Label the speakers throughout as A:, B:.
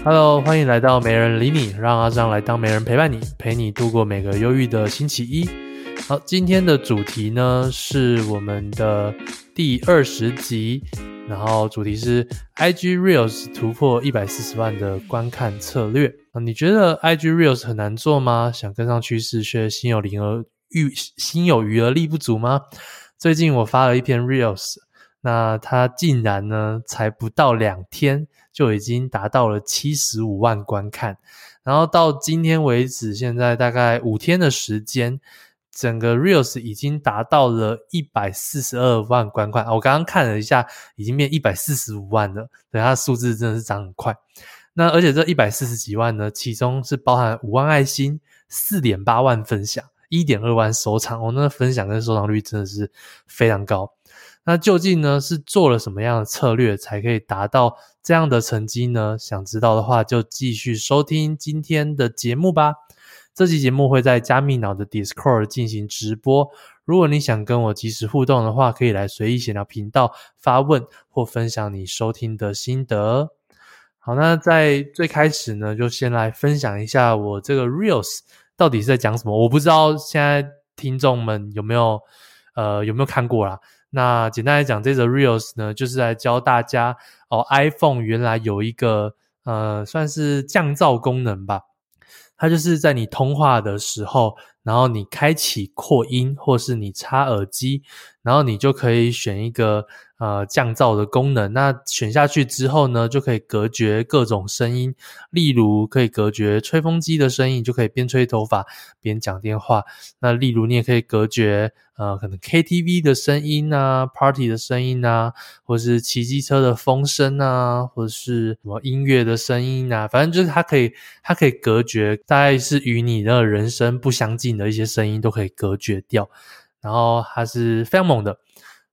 A: 哈嘍，Hello, 歡迎來到沒人理你，讓阿璋來當沒人陪伴你，陪你度過每個憂鬱的星期一。好、啊，今天的主題呢是我們的第二十集，然後主題是 IG Reels 突破一百四十萬的觀看策略。啊，你覺得 IG Reels 很難做嗎？想跟上趨勢卻，卻心有靈而欲心有餘而力不足嗎？最近我發了一篇 Reels，那它竟然呢才不到兩天。就已經達到了七十五萬觀看，然後到今天為止，現在大概五天的時間，整個 Reels 已經達到了一百四十二萬觀看。啊、我剛剛看了一下，已經變一百四十五萬了。等下數字真的是漲很快。那而且這一百四十幾萬呢，其中是包含五萬愛心、四點八萬分享、一點二萬收藏。我、哦、那個分享跟收藏率真的是非常高。那究竟呢，是做了什麼樣的策略，才可以達到這樣的成績呢？想知道的話，就繼續收聽今天的節目吧。這期節目會在加密腦的 Discord 進行直播，如果你想跟我即時互動的話，可以來隨意閒聊頻道發問或分享你收聽的心得。好，那在最開始呢，就先來分享一下我這個 Reels 到底是在講什麼。我不知道現在聽眾們有沒有，呃，有沒有看過啦。那簡單來講，這則 Reels 呢，就是來教大家哦，iPhone 原來有一個呃，算是降噪功能吧。它就是在你通話的時候，然後你開啟擴音，或是你插耳機，然後你就可以選一個。呃，降噪的功能，那選下去之後呢，就可以隔絕各種聲音，例如可以隔絕吹風機的聲音，就可以邊吹頭髮邊講電話。那例如你也可以隔絕呃，可能 KTV 的聲音啊，party 的聲音啊，或是騎機車的風聲啊，或者是什麼音樂的聲音啊，反正就是它可以它可以隔絕，大概是與你的人聲不相近的一些聲音都可以隔絕掉。然後它是非常猛的，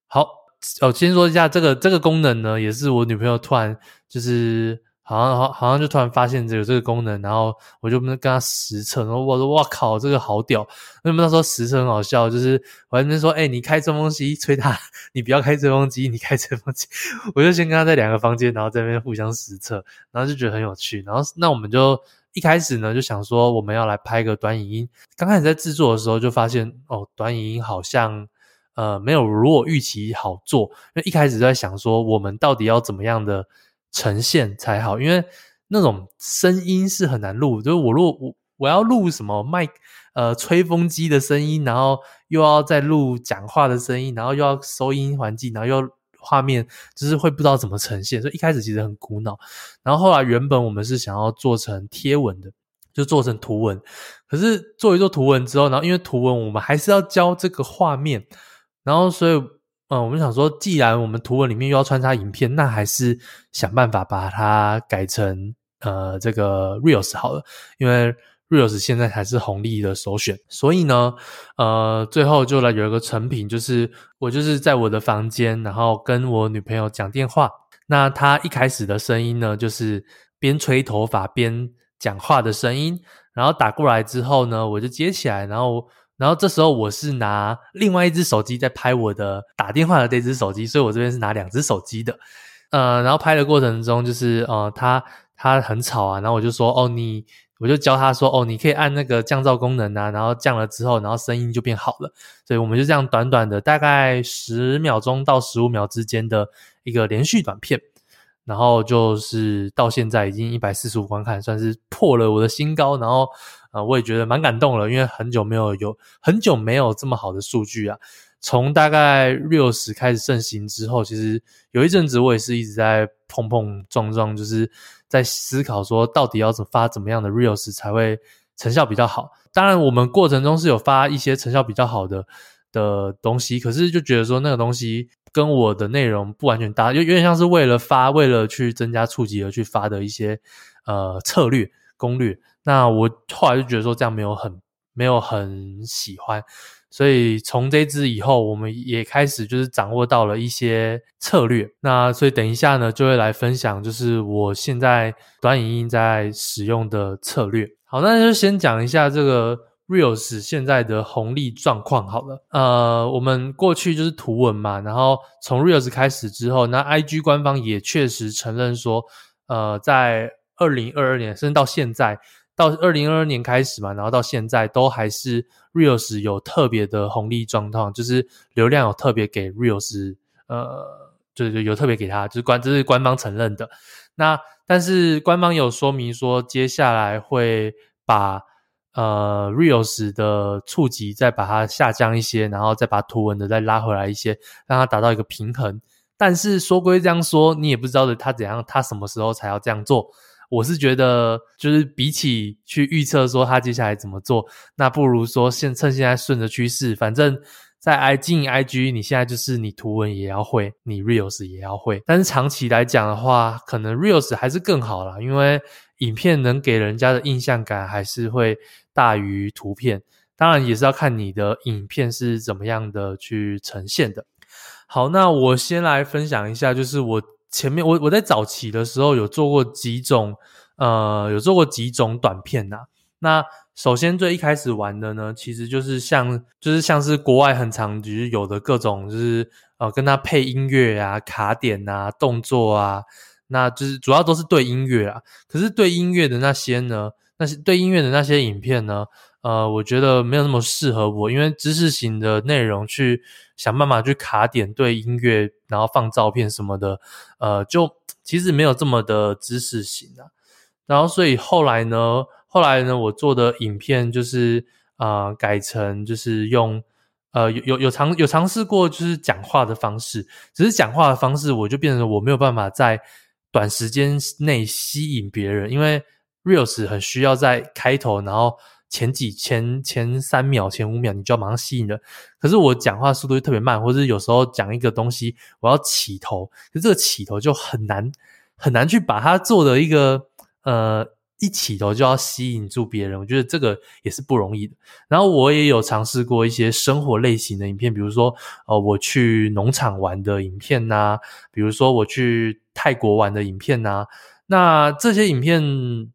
A: 好。哦，先說一下這個這個功能呢，也是我女朋友突然就是好像好，好像就突然發現這有、個、這個功能，然後我就跟她實測，然後我說哇靠，這個好屌！為什麼她說實測很好笑？就是我在那邊說，哎、欸，你開吹風機吹它，你不要開吹風機，你開吹風機， 我就先跟他在兩個房間，然後在那邊互相實測，然後就覺得很有趣。然後那我們就一開始呢就想說，我們要來拍個短影音。剛開始在制作的時候就發現，哦，短影音好像。呃，沒有如果預期好做，因為一開始就在想說，我們到底要怎麼樣的呈現才好，因為那種聲音是很難錄，就是我如果我，我要錄什麼麥，呃，吹風機的聲音，然後又要再錄講話的聲音，然後又要收音環境，然後又要畫面，就是會不知道怎麼呈現，所以一開始其實很苦惱。然後後來原本我們是想要做成貼文的，就做成圖文，可是做一做圖文之後，然後因為圖文我們還是要教這個畫面。然後，所以，呃，我們想說，既然我們圖文裡面又要穿插影片，那還是想辦法把它改成呃這個 Reels 好了，因為 Reels 現在才是紅利的首選。所以呢，呃，最後就來有一個成品，就是我就是在我的房間，然後跟我女朋友講電話。那她一開始的聲音呢，就是邊吹頭髮邊講話的聲音。然後打過來之後呢，我就接起來，然後。然後這時候我是拿另外一隻手機在拍我的打電話的這隻手機，所以我這邊是拿兩隻手機的，呃，然後拍的過程中就是呃，他他很吵啊，然後我就說哦，你我就教他說哦，你可以按那個降噪功能啊，然後降了之後，然後聲音就變好了，所以我們就這樣短短的大概十秒鐘到十五秒之間的一個連續短片。然後就是到現在已經一百四十五萬觀看，算是破了我的新高。然後，呃，我也覺得蠻感動了，因為很久沒有有很久沒有這麼好的數據啊。從大概 Reels 開始盛行之後，其實有一陣子我也是一直在碰碰撞撞，就是在思考說，到底要怎麼發怎麼樣的 Reels 才會成效比較好。當然，我們過程中是有發一些成效比較好的的東西，可是就覺得說那個東西。跟我的內容不完全搭，就有，有點像是為了發、為了去增加觸及而去發的一些呃策略攻略。那我後來就覺得說這樣沒有很沒有很喜歡，所以從這支以後，我們也開始就是掌握到了一些策略。那所以等一下呢，就會來分享就是我現在短影音在使用的策略。好，那就先講一下這個。Reels 現在的紅利狀況好了，呃，我們過去就是圖文嘛，然後從 Reels 開始之後，那 IG 官方也確實承認說，呃，在二零二二年，甚至到現在，到二零二二年開始嘛，然後到現在都還是 Reels 有特別的紅利狀況，就是流量有特別給 Reels，呃，就是有特別給他，就是官，這是官方承認的。那但是官方有說明說，接下來會把。呃，Reels 的觸及再把它下降一些，然後再把圖文的再拉回來一些，讓它達到一個平衡。但是說歸這樣說，你也不知道的他怎樣，他什麼時候才要這樣做。我是覺得，就是比起去預測說他接下來怎麼做，那不如說現趁現在順着趨勢，反正在 IG、IG，你現在就是你圖文也要會，你 Reels 也要會。但是長期來講的話，可能 Reels 還是更好啦，因為。影片能給人家的印象感還是會大於圖片，當然也是要看你的影片是怎麼樣的去呈現的。好，那我先來分享一下，就是我前面我我在早期的時候有做過幾種，呃，有做過幾種短片吶、啊。那首先最一開始玩的呢，其實就是像就是像是國外很常有的各種就是呃跟他配音樂啊、卡點啊、動作啊。那就是主要都是對音樂啊，可是對音樂的那些呢，那些對音樂的那些影片呢，呃，我覺得沒有那麼適合我，因為知識型的內容去想辦法去卡點對音樂，然後放照片什麼的，呃，就其實沒有這麼的知識型啊。然後所以後來呢，後來呢，我做的影片就是呃，改成就是用呃有有有嘗有嘗試過就是講話的方式，只是講話的方式我就變成我沒有辦法在。短時間內吸引別人，因為 reels 很需要在開頭，然後前幾前前三秒、前五秒，你就要馬上吸引人。可是我講話速度就特別慢，或者有時候講一個東西，我要起頭，可是這個起頭就很難很難去把它做的一個呃。一起頭就要吸引住別人，我覺得這個也是不容易的。然後我也有嘗試過一些生活類型的影片，比如說，呃，我去農場玩的影片吶、啊，比如說我去泰國玩的影片吶、啊。那這些影片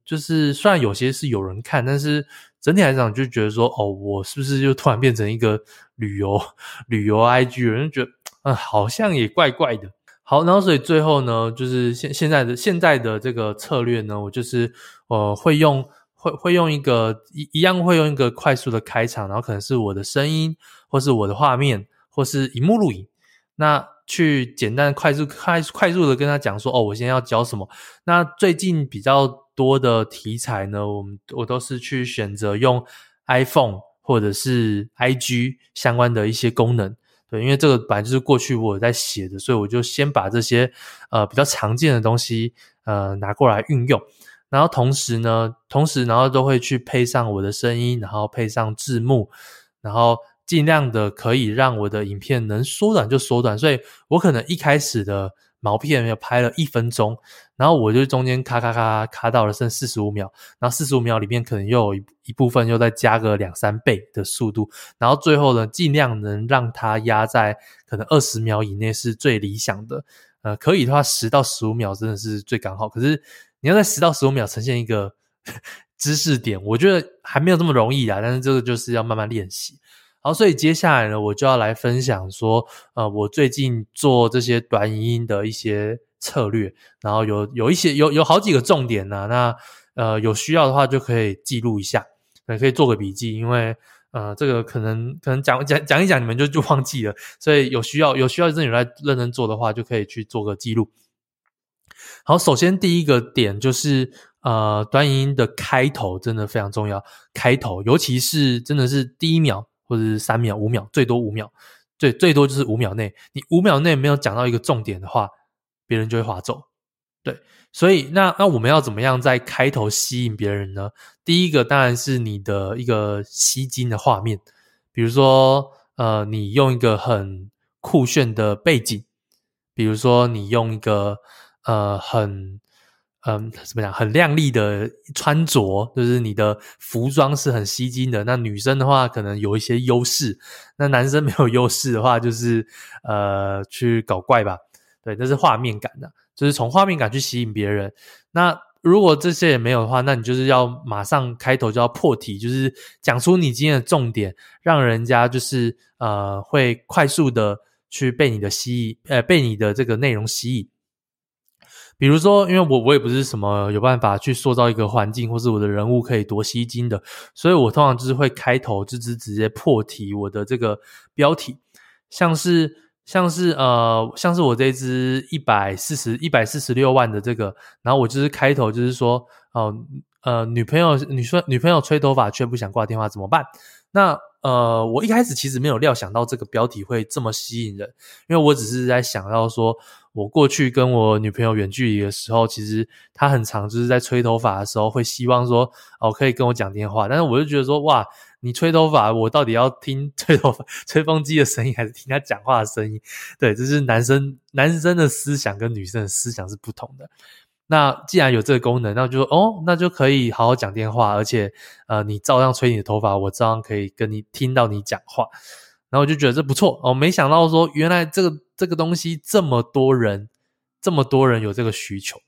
A: 就是雖然有些是有人看，但是整體來講就覺得說，哦，我是不是就突然變成一個旅遊旅遊 IG？有人覺得，嗯、呃，好像也怪怪的。好，然後所以最後呢，就是現現在的現在的這個策略呢，我就是呃會用會會用一個一一樣會用一個快速的開場，然後可能是我的聲音，或是我的畫面，或是熒幕錄影，那去簡單快速快快速的跟他講說哦，我現在要教什麼？那最近比較多的題材呢，我們我都是去選擇用 iPhone 或者是 IG 相關的一些功能。對，因為這個本來就是過去我有在寫的，所以我就先把這些呃比較常見的東西呃拿過來運用，然後同時呢，同時然後都會去配上我的聲音，然後配上字幕，然後盡量的可以讓我的影片能縮短就縮短，所以我可能一開始的毛片有拍了一分鐘，然後我就中間咔咔咔咔到了剩四十五秒，然後四十五秒裡面可能又有一一部分又再加個兩三倍的速度，然後最後呢，儘量能讓它壓在可能二十秒以內是最理想的，呃，可以的話十到十五秒真的是最剛好，可是你要在十到十五秒呈現一個呵呵知識點，我覺得還沒有這麼容易啦，但是這個就是要慢慢練習。好，所以接下來呢，我就要來分享說，呃，我最近做這些短影音的一些策略，然後有有一些有有好幾個重點呢，啊。那呃，有需要的話就可以記錄一下，可以做個筆記，因為呃，這個可能可能講講講一講，你們就就忘記了。所以有需要有需要自己來認真做的話，就可以去做個記錄。好，首先第一個點就是，呃，短影音的開頭真的非常重要，開頭尤其是真的是第一秒。或者是三秒、五秒，最多五秒，最最多就是五秒內，你五秒內沒有講到一個重點的話，別人就會劃走。對，所以那那我們要怎麼樣在開頭吸引別人呢？第一個當然是你的一個吸睛的畫面，比如說呃，你用一個很酷炫的背景，比如說你用一個呃很。嗯，怎麼講？很靚麗的穿着，就是你的服裝是很吸睛的。那女生的話，可能有一些優勢；那男生沒有優勢的話，就是呃，去搞怪吧。對，這是畫面感的，啊，就是從畫面感去吸引別人。那如果這些也沒有的話，那你就是要馬上開頭就要破題，就是講出你今天的重點，讓人家就是呃，會快速的去被你的吸引，呃，被你的這個內容吸引。比如說，因為我我也不是什麼有辦法去塑造一個環境，或是我的人物可以多吸睛的，所以我通常就是會開頭就是直，直，直接破題我的這個標題，像是像是呃像是我這支一百四十一百四十六萬的這個，然後我就是開頭就是說哦呃，呃女朋友女生女朋友吹頭髮卻不想掛電話怎麼辦？那。呃，我一開始其實沒有料想到這個標題會這麼吸引人，因為我只是在想到說，我過去跟我女朋友遠距離的時候，其實她很常就是在吹頭髮的時候會希望說，哦，可以跟我講電話。但是我就覺得說，哇，你吹頭髮，我到底要聽吹頭髮，吹風機的聲音，還是聽她講話的聲音？對，這、就是男生男生的思想跟女生的思想是不同的。那既然有這個功能，那我就說哦，那就可以好好講電話，而且呃，你照樣吹你的頭髮，我照樣可以跟你聽到你講話。然後我就覺得這不錯哦，沒想到說原來這個這個東西這麼多人，這麼多人有這個需求，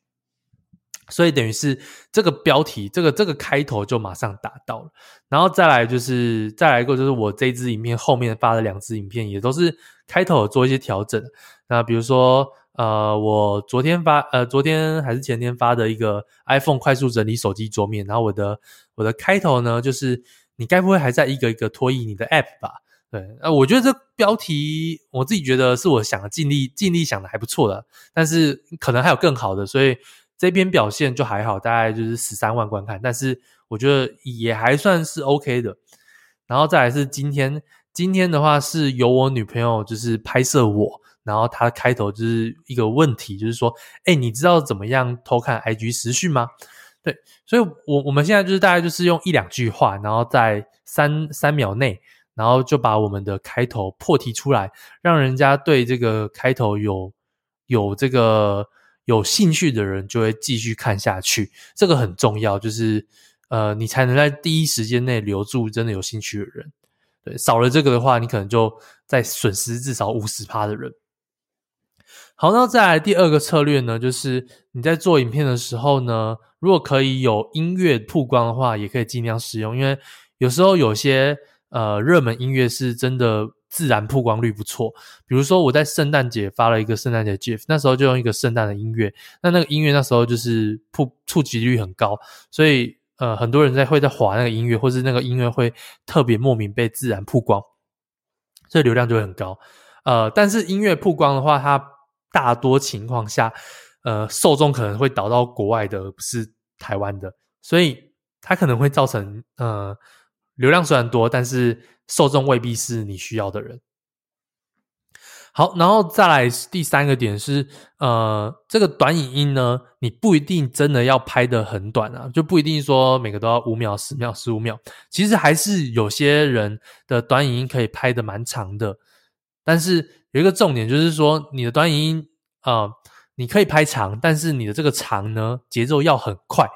A: 所以等於是這個標題，這個這個開頭就馬上達到了。然後再來就是再來一個，就是我這一支影片後面發的兩支影片也都是開頭做一些調整。那比如說。呃，我昨天發，呃，昨天還是前天發的一個 iPhone 快速整理手機桌面。然後我的我的開頭呢，就是你該不會還在一個一個拖移你的 App 吧？對，那、呃、我覺得這標題我自己覺得是我想的盡力盡力想的，還不錯的。但是可能還有更好的，所以這邊表現就還好，大概就是十三萬觀看。但是我覺得也還算是 OK 的。然後再來是今天，今天的話是由我女朋友就是拍攝我。然後他開頭就是一個問題，就是說，哎，你知道怎麼樣偷看 IG 時訊嗎？對，所以我我們現在就是大概就是用一兩句話，然後在三三秒內，然後就把我們的開頭破題出來，讓人家對這個開頭有有這個有興趣的人就會繼續看下去。這個很重要，就是呃，你才能在第一時間內留住真的有興趣的人。對，少了這個的話，你可能就在損失至少五十趴的人。好，那再來第二個策略呢，就是你在做影片的時候呢，如果可以有音樂曝光的話，也可以盡量使用，因為有時候有些呃熱門音樂是真的自然曝光率不錯。比如說我在聖誕節發了一個聖誕節 GIF，那時候就用一個聖誕的音樂，那那個音樂那時候就是觸觸及率很高，所以呃很多人在會在滑那個音樂，或是那個音樂會特別莫名被自然曝光，所以流量就會很高。呃，但是音樂曝光的話，它大多情況下，呃，受眾可能會導到國外的，不是台灣的，所以它可能會造成呃流量雖然多，但是受眾未必是你需要的人。好，然後再來第三個點是，呃，這個短影音呢，你不一定真的要拍的很短啊，就不一定說每個都要五秒、十秒、十五秒，其實還是有些人的短影音可以拍的蠻長的。但是有一個重點，就是說你的短影音啊，呃，你可以拍長，但是你的這個長呢，節奏要很快。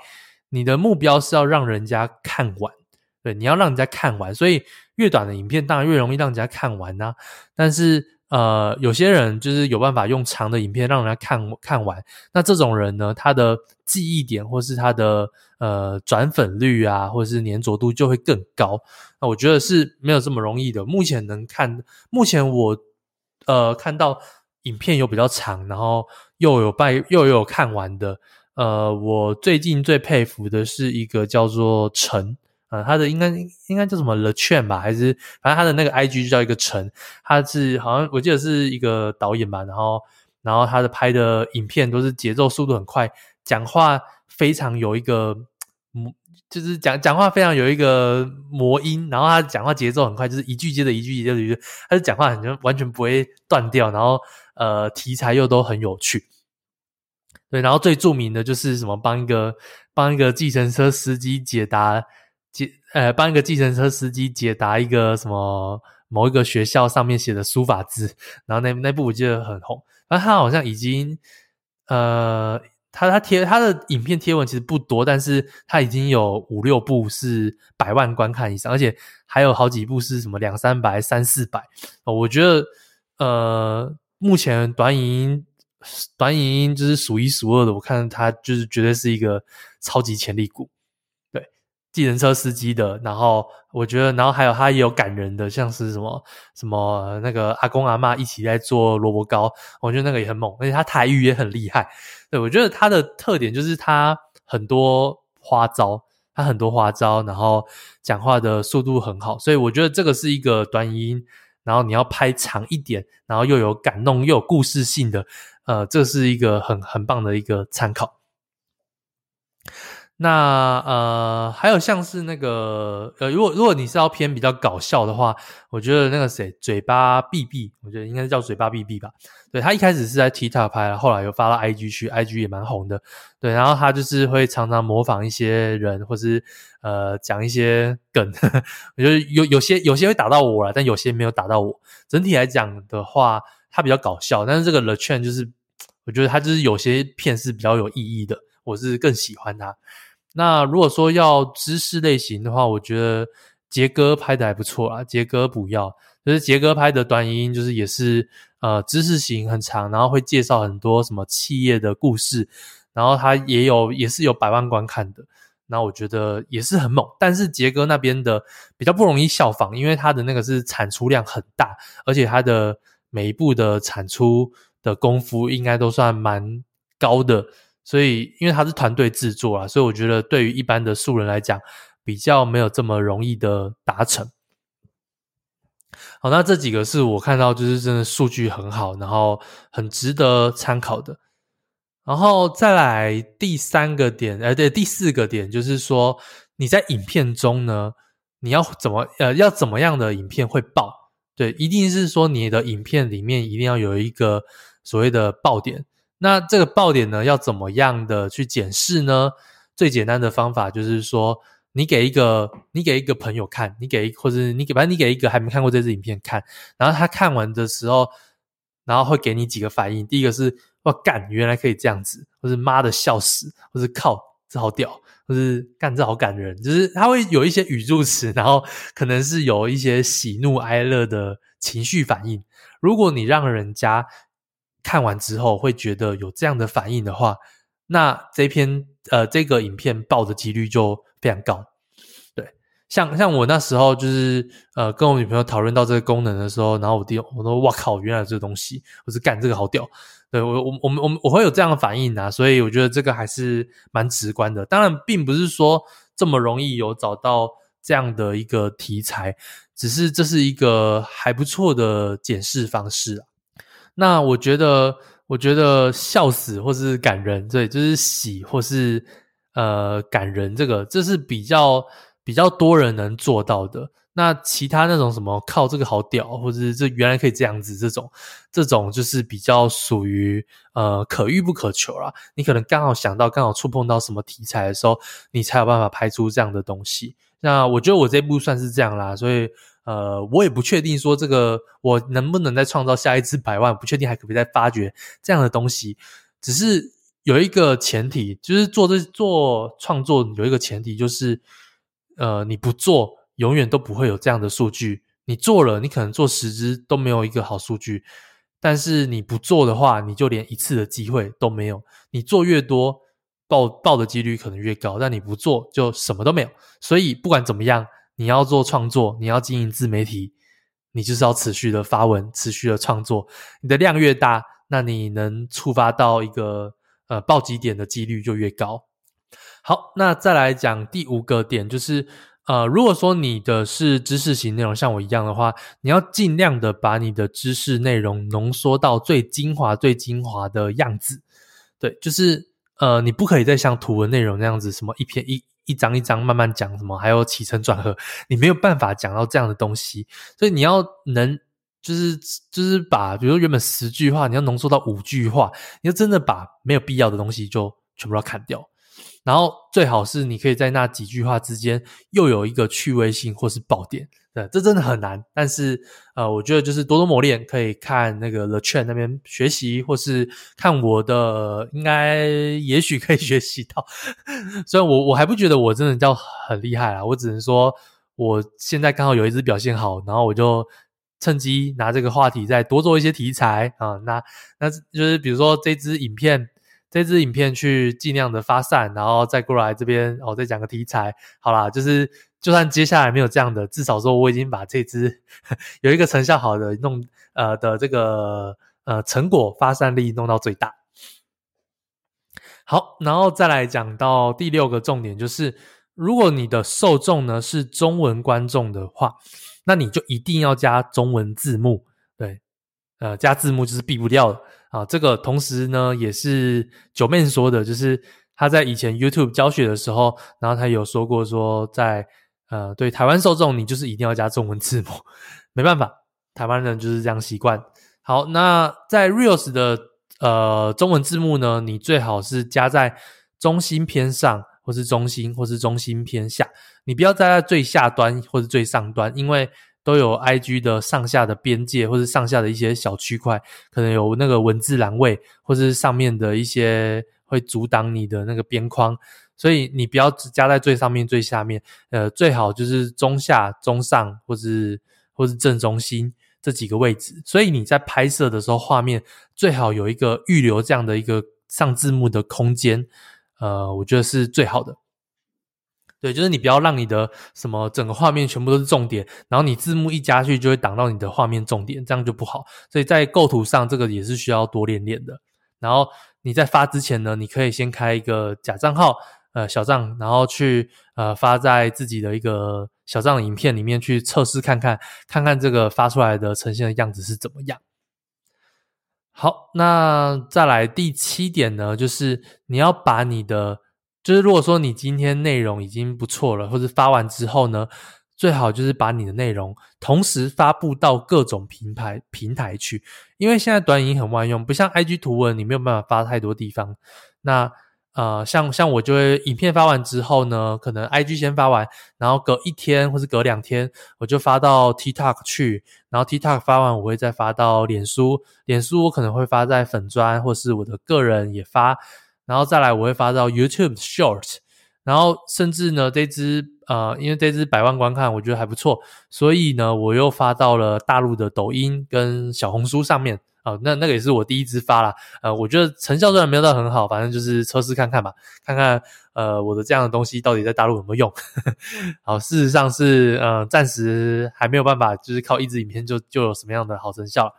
A: 你的目標是要讓人家看完，對，你要讓人家看完，所以越短的影片當然越容易讓人家看完啊。但是呃，有些人就是有辦法用長的影片讓人家看看完，那這種人呢，他的記憶點或是他的呃轉粉率啊，或者是粘着度就會更高。那我覺得是沒有這麼容易的。目前能看，目前我呃看到影片有比較長，然後又有拜又有看完的。呃，我最近最佩服的是一個叫做陳。呃，他的應該應該叫什麼 The Chain 吧？還是反正他的那個 IG 就叫一個陳，他是好像我記得是一個導演吧。然後，然後他的拍的影片都是節奏速度很快，講話非常有一個魔，就是講講話非常有一個魔音。然後他講話節奏很快，就是一句接着一句，接着一句，他就講話很完完全不會斷掉。然後，呃，題材又都很有趣。對，然後最著名的就是什麼幫一個幫一個計程車司機解答。呃，幫一個計程車司機解答一個什麼某一個學校上面寫的書法字，然後那那部我記得很紅，然後他好像已經呃，他他貼他的影片貼文其實不多，但是他已經有五六部是百萬觀看以上，而且還有好幾部是什麼兩三百、三四百，呃，我覺得呃，目前短影短影就是數一數二的，我看他就是絕對是一個超級潛力股。計程車司機的，然後我覺得，然後還有他也有感人的，像是什麼什麼那個阿公阿媽一起在做蘿蔔糕，我覺得那個也很猛，而且他台語也很厲害。對，我覺得他的特點就是他很多花招，他很多花招，然後講話的速度很好，所以我覺得這個是一個短音，然後你要拍長一點，然後又有感動又有故事性的，呃，這是一個很很棒的一個參考。那呃，還有像是那個呃，如果如果你是要偏比較搞笑的話，我覺得那個誰，嘴巴 B B，我覺得應該是叫嘴巴 B B 吧。對，他一開始是在 TikTok 拍，後來又發到 IG 去，IG 也蠻紅的。對，然後他就是會常常模仿一些人，或是呃講一些梗呵呵。我覺得有有些有些會打到我了，但有些沒有打到我。整體來講的話，他比較搞笑，但是這個 The Chan 就是我覺得他就是有些片是比較有意義的，我是更喜歡他。那如果說要知識類型的話，我覺得杰哥拍的還不錯啦。杰哥不要，就是杰哥拍的短音，就是也是呃知識型很長，然後會介紹很多什麼企業的故事，然後他也有也是有百萬觀看的。那我覺得也是很猛，但是杰哥那邊的比較不容易效仿，因爲他的那個是產出量很大，而且他的每一部的產出的功夫應該都算蠻高的。所以，因為它是團隊制作啊，所以我覺得對於一般的素人來講，比較沒有這麼容易的達成。好，那這幾個是我看到就是真的數據很好，然後很值得參考的。然後再來第三個點，誒、呃、對，第四個點就是說，你在影片中呢，你要怎麼，呃，要怎麼樣的影片會爆？對，一定是說你的影片裡面一定要有一個所謂的爆點。那這個爆點呢，要怎麼樣的去檢視呢？最簡單的方法就是說，你給一個，你給一個朋友看，你給或者你給，反正你給一個還沒看過這支影片看，然後他看完的時候，然後會給你幾個反應。第一個是“哇幹，原來可以這樣子”，或是“媽的，笑死”，或是“靠，這好屌”，或是“幹，這好感人”。就是他會有一些語助詞，然後可能是有一些喜怒哀樂的情緒反應。如果你讓人家。看完之後會覺得有這樣的反應的話，那這篇呃這個影片爆的幾率就非常高。對，像像我那時候就是呃跟我女朋友討論到這個功能的時候，然後我弟我說哇靠，原來這個東西，我是干這個好屌。對我我我我我會有這樣的反應啊，所以我覺得這個還是蠻直觀的。當然，並不是說這麼容易有找到這樣的一個題材，只是這是一個還不錯的檢視方式啊。那我覺得，我覺得笑死或是感人，對，就是喜或是呃感人，這個這是比較比較多人能做到的。那其他那種什麼靠這個好屌，或者是這原來可以這樣子，這種這種就是比較屬於呃可遇不可求啦。你可能剛好想到，剛好觸碰到什麼題材的時候，你才有辦法拍出這樣的東西。那我覺得我這部算是這樣啦，所以。呃，我也不確定說這個我能不能再創造下一支百萬，不確定還可不可以再發掘這樣的東西。只是有一個前提，就是做這做創作有一個前提，就是呃，你不做永遠都不會有這樣的數據。你做了，你可能做十支都沒有一個好數據，但是你不做的話，你就連一次的機會都沒有。你做越多，爆爆的幾率可能越高，但你不做就什麼都沒有。所以不管怎麼樣，你要做創作，你要經營自媒體，你就是要持續的發文，持續的創作。你的量越大，那你能觸發到一個呃暴擊點的幾率就越高。好，那再來講第五個點，就是呃，如果說你的是知識型內容，像我一樣的話，你要儘量的把你的知識內容濃縮到最精華、最精華的樣子。對，就是呃，你不可以再像圖文內容那樣子，什麼一篇一、一張一張慢慢講什麼，還有起承轉合，你沒有辦法講到這樣的東西，所以你要能就是就是把，比如說原本十句話，你要濃縮到五句話，你要真的把沒有必要的東西就全部要砍掉。然後最好是你可以在那幾句話之間又有一個趣味性或是爆點的，這真的很難。但是呃，我覺得就是多多磨練，可以看那個 The Chan 那邊學習，或是看我的，呃、應該也許可以學習到。雖 然我我還不覺得我真的叫很厲害啦，我只能說我現在剛好有一只表現好，然後我就趁機拿這個話題再多做一些題材啊、呃。那那就是比如說這只影片。這支影片去盡量的發散，然後再過來這邊，我、哦、再講個題材，好啦，就是就算接下來沒有這樣的，至少說我已經把這支有一個成效好的弄呃的這個呃成果發散力弄到最大。好，然後再來講到第六個重點，就是如果你的受眾呢是中文觀眾的話，那你就一定要加中文字幕，對，呃，加字幕就是避不掉的。啊，這個同時呢，也是 Joeman 說的，就是他在以前 YouTube 教學的時候，然後他有說過說在，在呃對台灣受眾，你就是一定要加中文字幕，沒辦法，台灣人就是這樣習慣。好，那在 Reels 的呃中文字幕呢，你最好是加在中心偏上，或是中心，或是中心偏下，你不要加在最下端或是最上端，因為。都有 IG 的上下的邊界，或者上下的一些小區塊，可能有那個文字欄位，或者是上面的一些會阻擋你的那個邊框，所以你不要只加在最上面、最下面，呃，最好就是中下、中上，或是或是正中心這幾個位置。所以你在拍攝的時候，畫面最好有一個預留這樣的一個上字幕的空間，呃，我覺得是最好的。對，就是你不要讓你的什麼整個畫面全部都是重點，然後你字幕一加去就會擋到你的畫面重點，這樣就不好。所以在構圖上，這個也是需要多練練的。然後你在發之前呢，你可以先開一個假賬號，呃，小賬，然後去呃發在自己的一個小賬影片裡面去測試看看，看看這個發出來的呈現的樣子是怎麼樣。好，那再來第七點呢，就是你要把你的。就是如果說你今天內容已經不錯了，或者發完之後呢，最好就是把你的內容同時發布到各種平台平台去，因為現在短影音很萬用，不像 IG 圖文你沒有辦法發太多地方。那呃，像像我就會影片發完之後呢，可能 IG 先發完，然後隔一天或是隔兩天，我就發到 TikTok 去，然後 TikTok 發完我會再發到臉書，臉書我可能會發在粉專或是我的個人也發。然後再來，我會發到 YouTube Short，然後甚至呢，這支呃，因為這支百萬觀看，我覺得還不錯，所以呢，我又發到了大陸的抖音跟小紅書上面啊、呃。那那個也是我第一支發了，呃，我覺得成效雖然沒有到很好，反正就是測試看看吧，看看呃我的這樣的東西到底在大陸有沒有用。呵呵好，事實上是呃，暫時還沒有辦法，就是靠一支影片就就有什麼樣的好成效。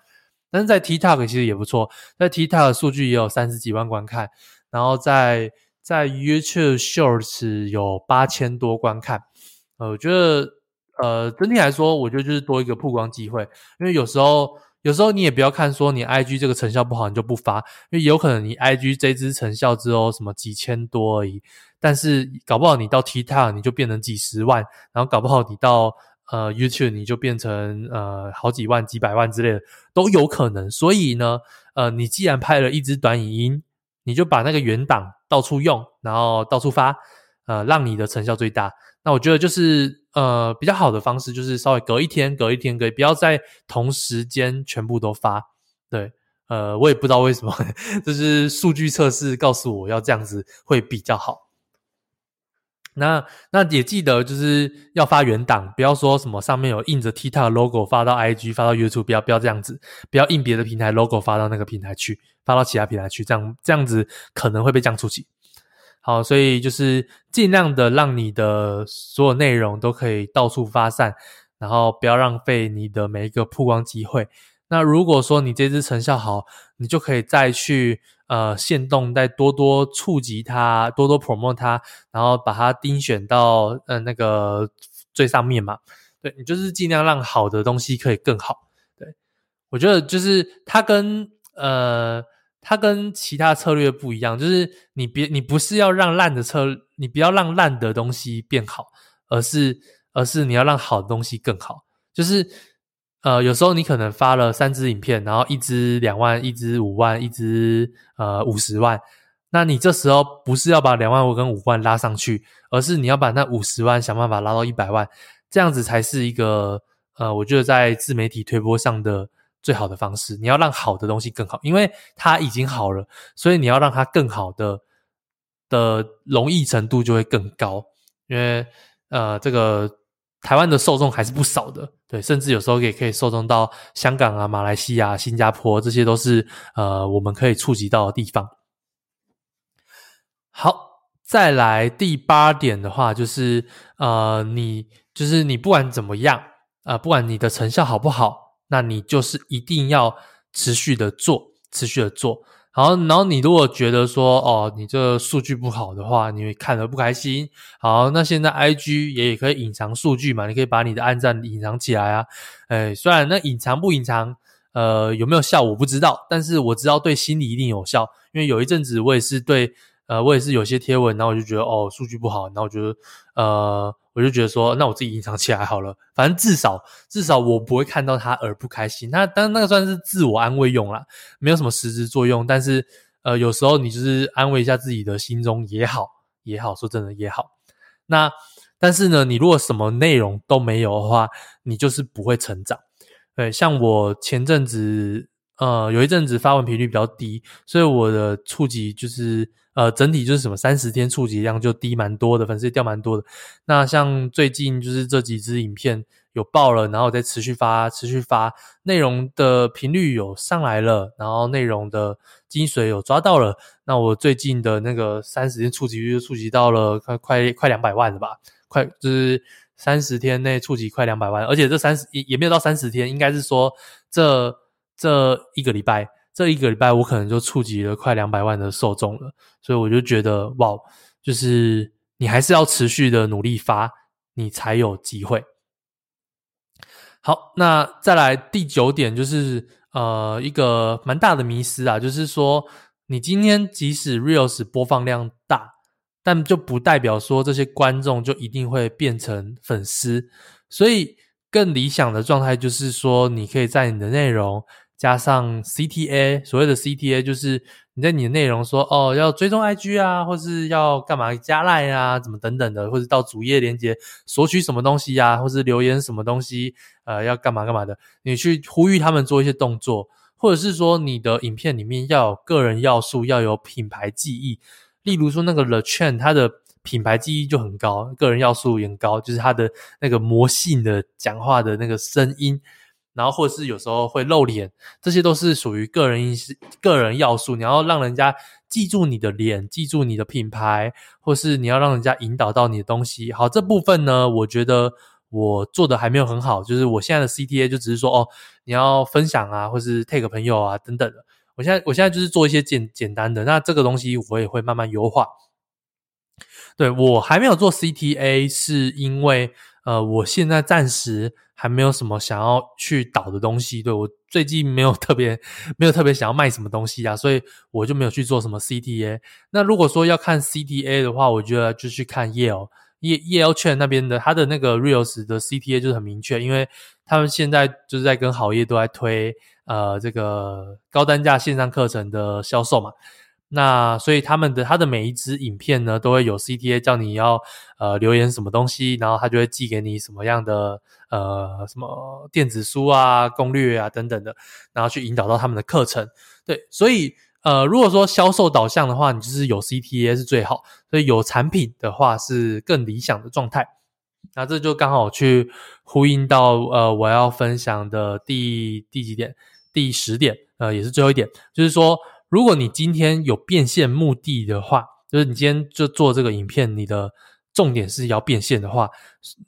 A: 但是在 TikTok 其實也不錯，在 TikTok 數據也有三十幾萬觀看。然後在在 YouTube Shorts 有八千多觀看，呃，我覺得呃整體來說，我覺得就是多一個曝光機會。因為有時候有時候你也不要看說你 IG 這個成效不好，你就不發，因為有可能你 IG 這支成效之後什麼幾千多而已，但是搞不好你到 TikTok 你就變成幾十萬，然後搞不好你到呃 YouTube 你就變成呃好幾萬、幾百萬之類的都有可能。所以呢，呃，你既然拍了一支短影音。你就把那個原檔到處用，然後到處發，呃，讓你的成效最大。那我覺得就是，呃，比較好的方式就是稍微隔一天、隔一天、隔一，不要在同時間全部都發。對，呃，我也不知道為什麼，呵呵就是數據測試告訴我要這樣子會比較好。那那也記得就是要發原檔，不要說什麼上面有印着 TikTok logo 發到 IG、發到 YouTube，不要不要這樣子，不要印別的平台 logo 發到那個平台去。發到其他平台去，這樣這樣子可能會被降觸及。好，所以就是儘量的讓你的所有內容都可以到處發散，然後不要浪費你的每一個曝光機會。那如果說你這支成效好，你就可以再去呃，限動再多多觸及它，多多 promote 它，然後把它釘選到呃那個最上面嘛。對，你就是儘量讓好的東西可以更好。對，我覺得就是它跟呃。它跟其他策略不一樣，就是你別你不是要讓爛的策，你不要讓爛的東西變好，而是而是你要讓好的東西更好。就是呃，有時候你可能發了三支影片，然後一支兩萬，一支五萬，一支呃五十萬。那你這時候不是要把兩萬五跟五萬拉上去，而是你要把那五十萬想辦法拉到一百萬，這樣子才是一個呃，我覺得在自媒體推播上的。最好的方式，你要讓好的東西更好，因為它已經好了，所以你要讓它更好的的容易程度就會更高。因為呃，這個台灣的受眾還是不少的，對，甚至有時候也可以受眾到香港啊、馬來西亞、新加坡，這些都是呃我們可以觸及到的地方。好，再來第八點的話，就是呃，你就是你不管怎麼樣，啊，呃，不管你的成效好不好。那你就是一定要持續的做，持續的做。好，然後你如果覺得說，哦，你這數據不好的話，你會看得不開心。好，那現在 IG 也也可以隱藏數據嘛，你可以把你的按讚隱藏起來啊。哎，雖然那隱藏不隱藏，呃，有沒有效我不知道，但是我知道對心理一定有效，因為有一陣子我也是對。呃，我也是有些貼文，然後我就覺得，哦，數據不好，然後我覺得，呃，我就覺得說，那我自己隱藏起來好了，反正至少至少我不會看到他而不開心。那當然那個算是自我安慰用啦，沒有什麼實質作用，但是，呃，有時候你就是安慰一下自己的心中也好，也好，說真的也好。那但是呢，你如果什麼內容都沒有的話，你就是不會成長。對，像我前陣子。呃，有一陣子發文頻率比較低，所以我的觸及就是呃，整體就是什麼三十天觸及量就低蠻多的，粉絲掉蠻多的。那像最近就是這幾支影片有爆了，然後我再持續發，持續發內容的頻率有上來了，然後內容的精髓有抓到了，那我最近的那個三十天觸及率就觸及到了快快快兩百萬了吧？快就是三十天內觸及快兩百萬，而且這三十也也沒有到三十天，應該是說這。這一個禮拜，這一個禮拜我可能就觸及了快兩百萬的受眾了，所以我就覺得哇，就是你還是要持續的努力發，你才有機會。好，那再來第九點就是呃一個蠻大的迷思啊，就是說你今天即使 reels 播放量大，但就不代表說這些觀眾就一定會變成粉絲，所以更理想的狀態就是說你可以在你的內容。加上 CTA，所謂的 CTA 就是你在你的內容說，哦，要追蹤 IG 啊，或是要幹嘛加賴啊，怎麼等等的，或是到主頁鏈接索取什麼東西呀、啊，或是留言什麼東西，呃，要幹嘛幹嘛的，你去呼籲他們做一些動作，或者是說你的影片裡面要有個人要素，要有品牌記憶，例如說那個 The Chain，它的品牌記憶就很高，個人要素也很高，就是它的那個魔性的講話的那個聲音。然後，或者是有時候會露臉，這些都是屬於個人意個人要素，你要讓人家記住你的臉，記住你的品牌，或是你要讓人家引導到你的東西。好，這部分呢，我覺得我做的還沒有很好，就是我現在的 CTA 就只是說哦，你要分享啊，或是 take 朋友啊等等的。我現在我現在就是做一些簡簡單的，那這個東西我也會慢慢優化。對，我還沒有做 CTA，是因為呃，我現在暫時還沒有什麼想要去倒的東西，對，我最近沒有特別沒有特別想要賣什麼東西啊，所以我就沒有去做什麼 CTA。那如果說要看 CTA 的話，我覺得就去看 Yale、Yale Chen 那邊的，他的那個 Reels 的 CTA 就很明確，因為他們現在就是在跟好業都在推呃這個高單價線上課程的銷售嘛。那所以他們的他的每一支影片呢，都會有 CTA 叫你要呃留言什麼東西，然後他就會寄給你什麼樣的呃什麼電子書啊、攻略啊等等的，然後去引導到他們的課程。對，所以呃如果說銷售導向的話，你就是有 CTA 是最好，所以有產品的話是更理想的狀態。那這就剛好去呼應到呃我要分享的第第幾點，第十點，呃也是最後一點，就是說。如果你今天有變現目的的話，就是你今天就做這個影片，你的重點是要變現的話，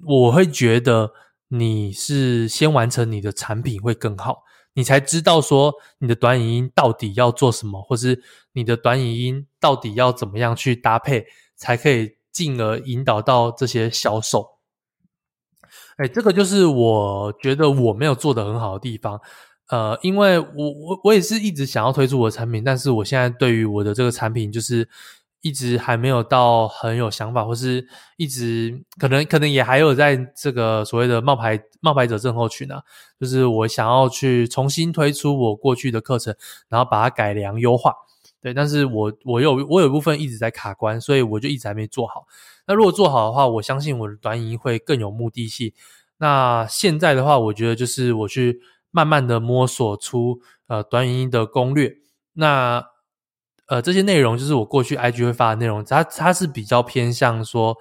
A: 我會覺得你是先完成你的產品會更好，你才知道說你的短影音到底要做什麼，或是你的短影音到底要怎麼樣去搭配，才可以進而引導到這些銷售。哎、欸，這個就是我覺得我沒有做得很好的地方。呃，因為我我我也是一直想要推出我的產品，但是我現在對於我的這個產品就是一直還沒有到很有想法，或是一直可能可能也還有在這個所謂的冒牌冒牌者症候群啊，就是我想要去重新推出我過去的課程，然後把它改良優化，對，但是我我有我有部分一直在卡關，所以我就一直還沒做好。那如果做好的話，我相信我的短影音會更有目的性。那現在的話，我覺得就是我去，慢慢的摸索出呃短影音的攻略，那呃這些內容就是我過去 IG 會發的內容，它它是比較偏向說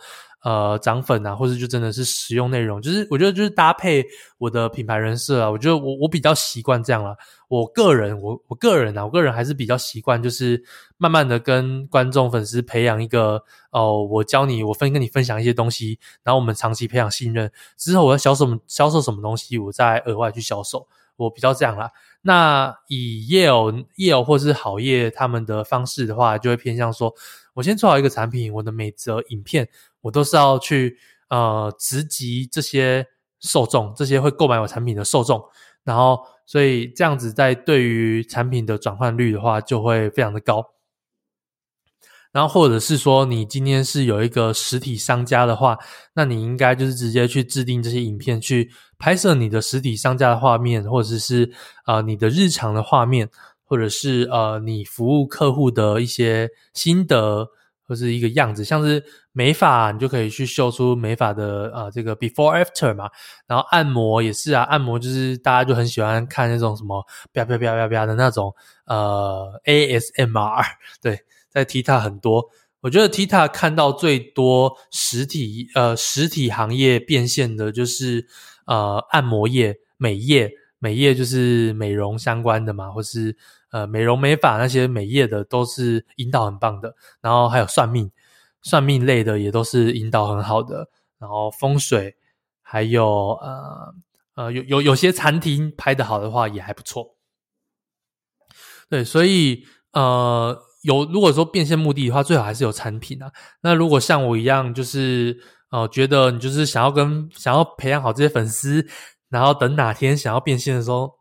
A: 呃漲粉啊，或者就真的是實用內容，就是我覺得就是搭配我的品牌人設啊，我覺得我我比較習慣這樣啦、啊。我個人我我個人啊，我個人還是比較習慣就是慢慢的跟觀眾粉絲培養一個哦、呃，我教你，我分跟你分享一些東西，然後我們長期培養信任，之後我要銷售銷售什麼東西，我再額外去銷售。我比較這樣啦，那以 Yale、Yale 或是好業他們的方式的話，就會偏向說，我先做好一個產品，我的每則影片我都是要去呃直擊這些受眾，這些會購買我產品的受眾，然後所以這樣子在對於產品的轉換率的話，就會非常的高。然後，或者是說，你今天是有一個實體商家的話，那你應該就是直接去制定這些影片，去拍攝你的實體商家的畫面，或者是啊、呃，你的日常的畫面，或者是呃，你服務客戶的一些心得，或者是一個樣子，像是美髮、啊，你就可以去秀出美髮的啊、呃，這個 before after 嘛。然後按摩也是啊，按摩就是大家就很喜歡看那種什麼啪啪啪啪啪的那種呃、呃 ASMR 對。在 Tita 很多，我覺得 Tita 看到最多實體呃實體行業變現的，就是呃按摩業、美業，美業就是美容相關的嘛，或是呃美容美髮那些美業的都是引導很棒的。然後還有算命，算命類的也都是引導很好的。然後風水，還有呃呃有有有些餐廳拍得好的話也還不錯。對，所以呃。有，如果說變現目的的話，最好還是有產品啊。那如果像我一樣，就是呃，覺得你就是想要跟想要培養好這些粉絲，然後等哪天想要變現的時候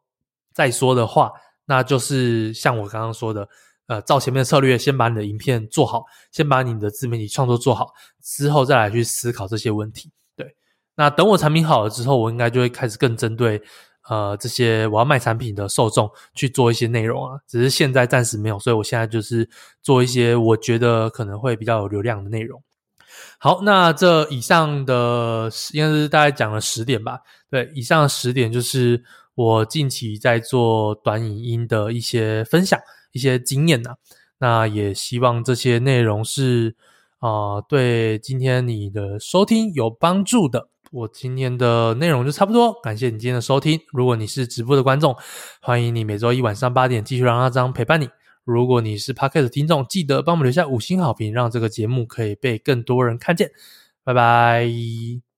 A: 再說的話，那就是像我剛剛說的，呃，照前面的策略，先把你的影片做好，先把你的自媒體創作做好，之後再來去思考這些問題。對，那等我產品好了之後，我應該就會開始更針對。呃，這些我要賣產品的受眾去做一些內容啊，只是現在暫時沒有，所以我現在就是做一些我覺得可能會比較有流量的內容。好，那這以上的，應該是大概講了十點吧？對，以上的十點就是我近期在做短影音的一些分享、一些經驗啊，那也希望這些內容是啊、呃，對今天你的收聽有幫助的。我今天的內容就差不多，感謝你今天的收聽。如果你是直播的觀眾，歡迎你每周一晚上八點繼續讓阿璋陪伴你。如果你是 Podcast 聽眾，記得幫我們留下五星好評，讓這個節目可以被更多人看見。拜拜。